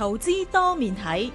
投資多面睇，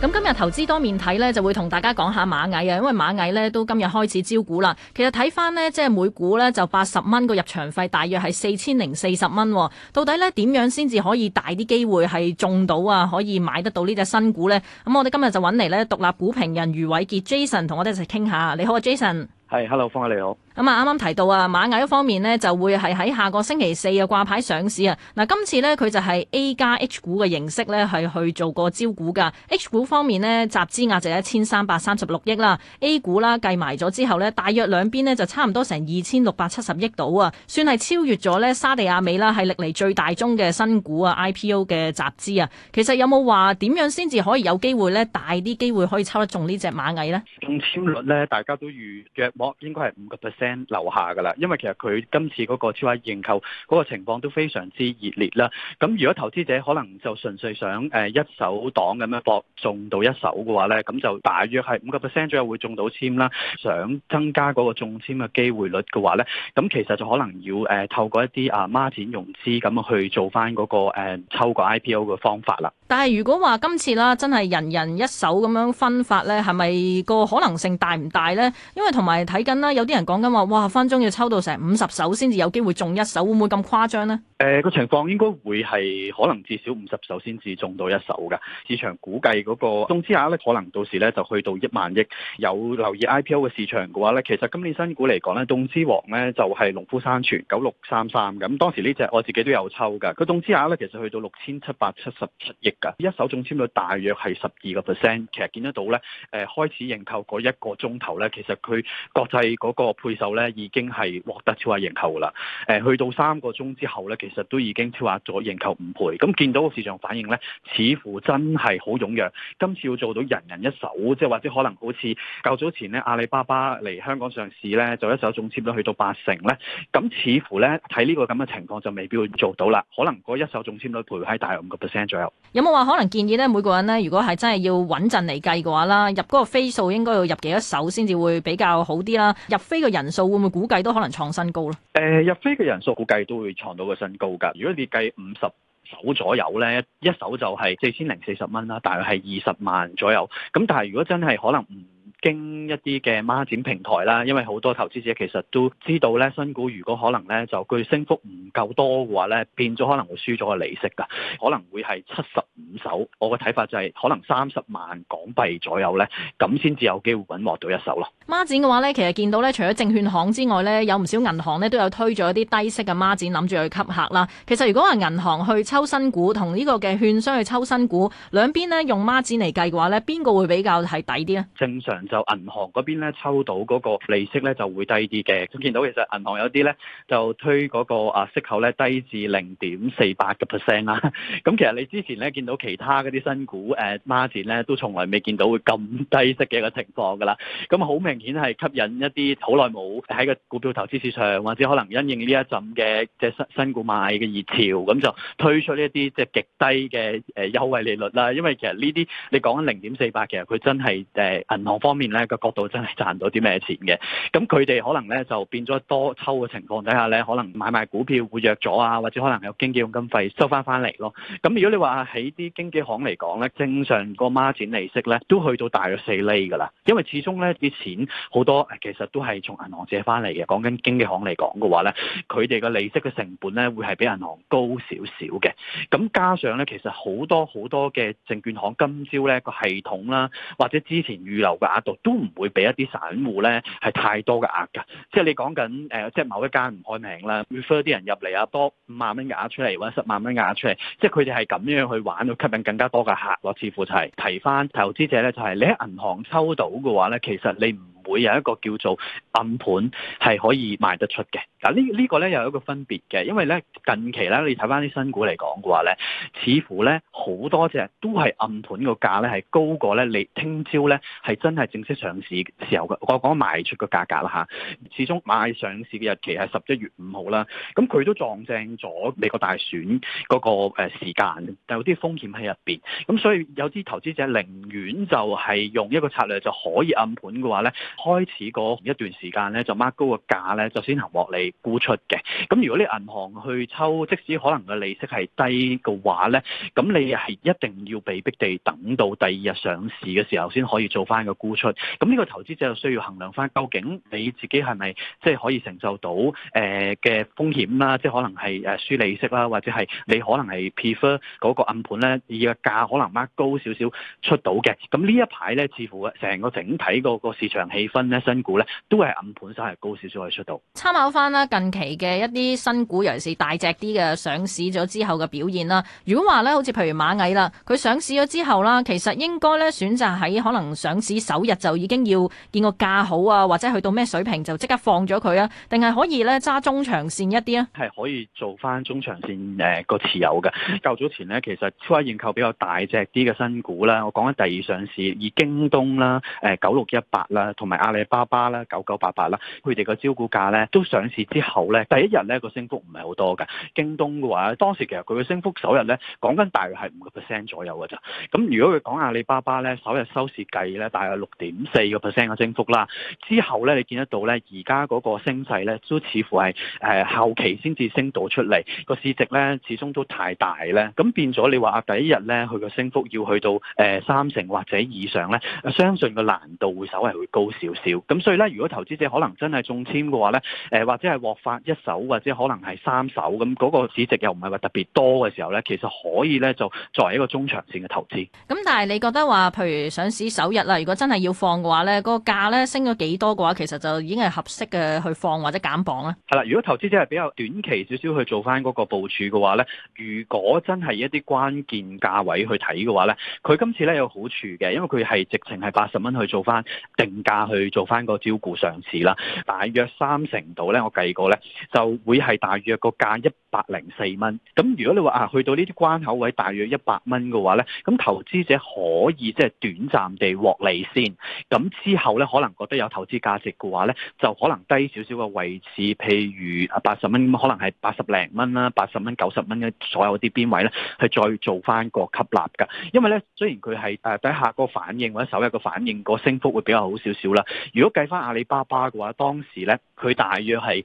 咁今日投資多面睇咧，就會同大家講下螞蟻啊，因為螞蟻咧都今日開始招股啦。其實睇翻呢，即係每股呢就八十蚊個入場費，大約係四千零四十蚊。到底呢點樣先至可以大啲機會係中到啊？可以買得到呢隻新股呢？咁我哋今日就揾嚟呢獨立股評人余偉傑 Jason 同我哋一齊傾下。你好啊，Jason。係，Hello，方你好。咁啊，啱啱提到啊，螞蟻一方面呢就會係喺下個星期四啊掛牌上市啊。嗱，今次呢，佢就係 A 加 H 股嘅形式呢，係去做個招股噶。H 股方面呢，集資額就一千三百三十六億啦，A 股啦計埋咗之後呢，大約兩邊呢就差唔多成二千六百七十億到啊，算係超越咗呢沙地阿美啦，係歷嚟最大宗嘅新股啊 IPO 嘅集資啊。其實有冇話點樣先至可以有機會呢？大啲機會可以抽得中呢隻螞蟻呢？中簽率呢，大家都預約莫應該係五個 percent。p 留下噶啦，因為其實佢今次嗰個超額認購嗰個情況都非常之熱烈啦。咁如果投資者可能就純粹想誒一手黨咁樣搏中到一手嘅話咧，咁就大約係五個 percent 左右會中到簽啦。想增加嗰個中簽嘅機會率嘅話咧，咁其實就可能要誒透過一啲啊孖展融資咁去做翻嗰個誒抽 IPO 嘅方法啦。但係如果話今次啦，真係人人一手咁樣分發咧，係咪個可能性大唔大咧？因為同埋睇緊啦，有啲人講緊。話哇，分鐘要抽到成五十手先至有機會中一手，會唔會咁誇張呢？誒、呃，個情況應該會係可能至少五十手先至中到一手嘅。市場估計嗰個凍資額咧，可能到時咧就去到一萬億。有留意 IPO 嘅市場嘅話咧，其實今年新股嚟講咧，凍資王咧就係農夫山泉九六三三咁。當時呢隻我自己都有抽噶。個凍資額咧，其實去到六千七百七十七億噶，一手中簽率大約係十二個 percent。其實見得到咧，誒、呃、開始認購嗰一個鐘頭咧，其實佢國際嗰個配。就咧已經係獲得超額認購㗎啦，誒去到三個鐘之後咧，其實都已經超額咗認購五倍，咁見到個市場反應咧，似乎真係好踴躍。今次要做到人人一手，即係或者可能好似較早前咧阿里巴巴嚟香港上市咧，就一手中簽率去到八成咧，咁似乎咧睇呢個咁嘅情況就未必會做到啦，可能嗰一手中簽率賠喺大五個 percent 左右。有冇話可能建議咧？每個人咧，如果係真係要穩陣嚟計嘅話啦，入嗰個飛數應該要入幾多手先至會比較好啲啦？入飛個人數會唔會估計都可能創新高咯？誒，入飛嘅人數估計都會創到個新高噶。如果你計五十手左右咧，一手就係四千零四十蚊啦，大約係二十萬左右。咁但係如果真係可能唔。經一啲嘅孖展平台啦，因為好多投資者其實都知道咧，新股如果可能咧就佢升幅唔夠多嘅話咧，變咗可能會輸咗個利息噶，可能會係七十五手。我嘅睇法就係可能三十萬港幣左右咧，咁先至有機會穩獲到一手咯。孖展嘅話咧，其實見到咧，除咗證券行之外咧，有唔少銀行咧都有推咗一啲低息嘅孖展，諗住去吸客啦。其實如果話銀行去抽新股同呢個嘅券商去抽新股，兩邊咧用孖展嚟計嘅話咧，邊個會比較係抵啲呀？正常。就銀行嗰邊咧抽到嗰個利息咧就會低啲嘅，咁見到其實銀行有啲咧就推嗰個啊息口咧低至零點四八嘅 percent 啦，咁其實你之前咧見到其他嗰啲新股誒孖展咧都從來未見到會咁低息嘅個情況噶啦，咁好明顯係吸引一啲好耐冇喺個股票投資市場或者可能因應呢一陣嘅即係新新股買嘅熱潮，咁就推出呢一啲即係極低嘅誒優惠利率啦，因為其實呢啲你講緊零點四八，其實佢真係誒銀行方面。呢個角度真係賺到啲咩錢嘅？咁佢哋可能咧就變咗多抽嘅情況底下咧，可能買賣股票會弱咗啊，或者可能有經紀佣金費收翻翻嚟咯。咁如果你話喺啲經紀行嚟講咧，正常個孖展利息咧都去到大約四厘噶啦，因為始終咧啲錢好多，其實都係從銀行借翻嚟嘅。講緊經紀行嚟講嘅話咧，佢哋嘅利息嘅成本咧會係比銀行高少少嘅。咁加上咧，其實好多好多嘅證券行今朝咧個系統啦，或者之前預留嘅額度。都唔會俾一啲散戶咧係太多嘅額㗎，即係你講緊、呃、即係某一間唔開名啦，refer 啲人入嚟啊，多五萬蚊嘅額出嚟，或者十萬蚊嘅額出嚟，即係佢哋係咁樣去玩，去吸引更加多嘅客咯。似乎就係提翻投資者咧，就係、是、你喺銀行抽到嘅話咧，其實你唔會有一個叫做暗盤係可以賣得出嘅。嗱，呢呢個咧又有一個分別嘅。因為咧近期咧你睇翻啲新股嚟講嘅話咧，似乎咧好多隻都係暗盤個價咧係高過咧你聽朝咧係真係正式上市時候嘅，我講賣出個價格啦嚇。始終賣上市嘅日期係十一月五號啦，咁佢都撞正咗美國大選嗰個誒時間，但有啲風險喺入邊，咁所以有啲投資者寧願就係用一個策略就可以暗盤嘅話咧，開始嗰一段時間咧就 mark 高個價咧就先行獲利。沽出嘅，咁如果你銀行去抽，即使可能嘅利息係低嘅話咧，咁你係一定要被逼地等到第二日上市嘅時候先可以做翻個沽出。咁呢個投資者就需要衡量翻，究竟你自己係咪即係可以承受到嘅風險啦？即可能係誒輸利息啦，或者係你可能係 prefer 嗰個暗盤咧，而個價可能掹高少少出到嘅。咁呢一排咧，似乎成個整體個市場氣氛咧，新股咧都係暗盤先係高少少可以出到。參考翻啦。近期嘅一啲新股，尤其是大隻啲嘅上市咗之後嘅表現啦。如果話咧，好似譬如螞蟻啦，佢上市咗之後啦，其實應該咧選擇喺可能上市首日就已經要見個價好啊，或者去到咩水平就即刻放咗佢啊？定係可以咧揸中長線一啲啊？係可以做翻中長線誒個持有嘅。較早前呢，其實超額認購比較大隻啲嘅新股啦，我講緊第二上市，而京東啦、誒九六一八啦、同埋阿里巴巴啦、九九八八啦，佢哋個招股價咧都上市。之後咧，第一日咧，個升幅唔係好多㗎。京東嘅話，當時其實佢嘅升幅首日咧講緊大約係五個 percent 左右嘅咋。咁如果佢講阿里巴巴咧，首日收市計咧大約六點四個 percent 嘅升幅啦。之後咧，你見得到咧，而家嗰個升勢咧都似乎係誒、呃、後期先至升到出嚟。個市值咧始終都太大咧，咁變咗你話第一日咧佢個升幅要去到、呃、三成或者以上咧，相信個難度會稍為會高少少。咁所以咧，如果投資者可能真係中簽嘅話咧、呃，或者係。獲發一手或者可能係三手咁，嗰個市值又唔係話特別多嘅時候呢，其實可以呢就作為一個中長線嘅投資。咁但係你覺得話，譬如上市首日啦，如果真係要放嘅話呢，嗰個價呢升咗幾多嘅話，其實就已經係合適嘅去放或者減磅咧。係啦，如果投資者係比較短期少少去做翻嗰個部署嘅話呢，如果真係一啲關鍵價位去睇嘅話呢，佢今次呢有好處嘅，因為佢係直情係八十蚊去做翻定價去做翻個招股上市啦，大約三成度呢。我計嚟個咧，就會係大約個價一百零四蚊。咁如果你話啊，去到呢啲關口位大約一百蚊嘅話咧，咁投資者可以即係短暫地獲利先。咁之後咧，可能覺得有投資價值嘅話咧，就可能低少少嘅位置，譬如啊八十蚊，可能係八十零蚊啦，八十蚊、九十蚊嘅所有啲邊位咧，係再做翻個吸納噶。因為咧，雖然佢係誒底下個反應或者首一個反應，個升幅會比較好少少啦。如果計翻阿里巴巴嘅話，當時咧，佢大約係。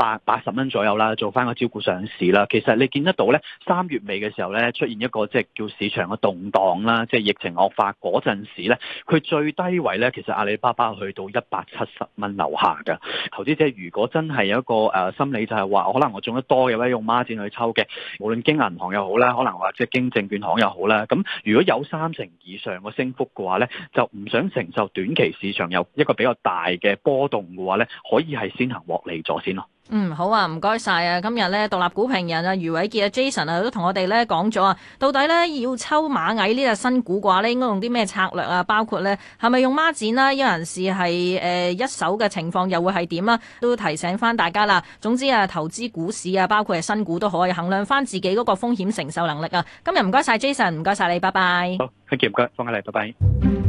百八十蚊左右啦，做翻個招股上市啦。其實你見得到咧，三月尾嘅時候咧出現一個即係叫市場嘅動盪啦，即係疫情惡化嗰陣時咧，佢最低位咧其實阿里巴巴去到一百七十蚊樓下嘅。投資者如果真係有一個誒、呃、心理就係話，可能我中得多嘅話用孖展去抽嘅，無論經銀行又好啦，可能或者係經證券行又好啦。咁如果有三成以上嘅升幅嘅話咧，就唔想承受短期市場有一個比較大嘅波動嘅話咧，可以係先行獲利咗先咯。嗯，好啊，唔該晒啊。今日咧，獨立股評人啊，余偉傑啊，Jason 啊，都同我哋咧講咗啊，到底咧要抽螞蟻呢隻新股嘅話，咧，應該用啲咩策略啊？包括咧係咪用孖展啦、啊？有陣時係誒一手嘅情況又會係點啊？都提醒翻大家啦。總之啊，投資股市啊，包括係新股都可以衡量翻自己嗰個風險承受能力啊。今日唔該晒，Jason，唔該晒你，拜拜。好，余杰唔該，放家嚟，拜拜。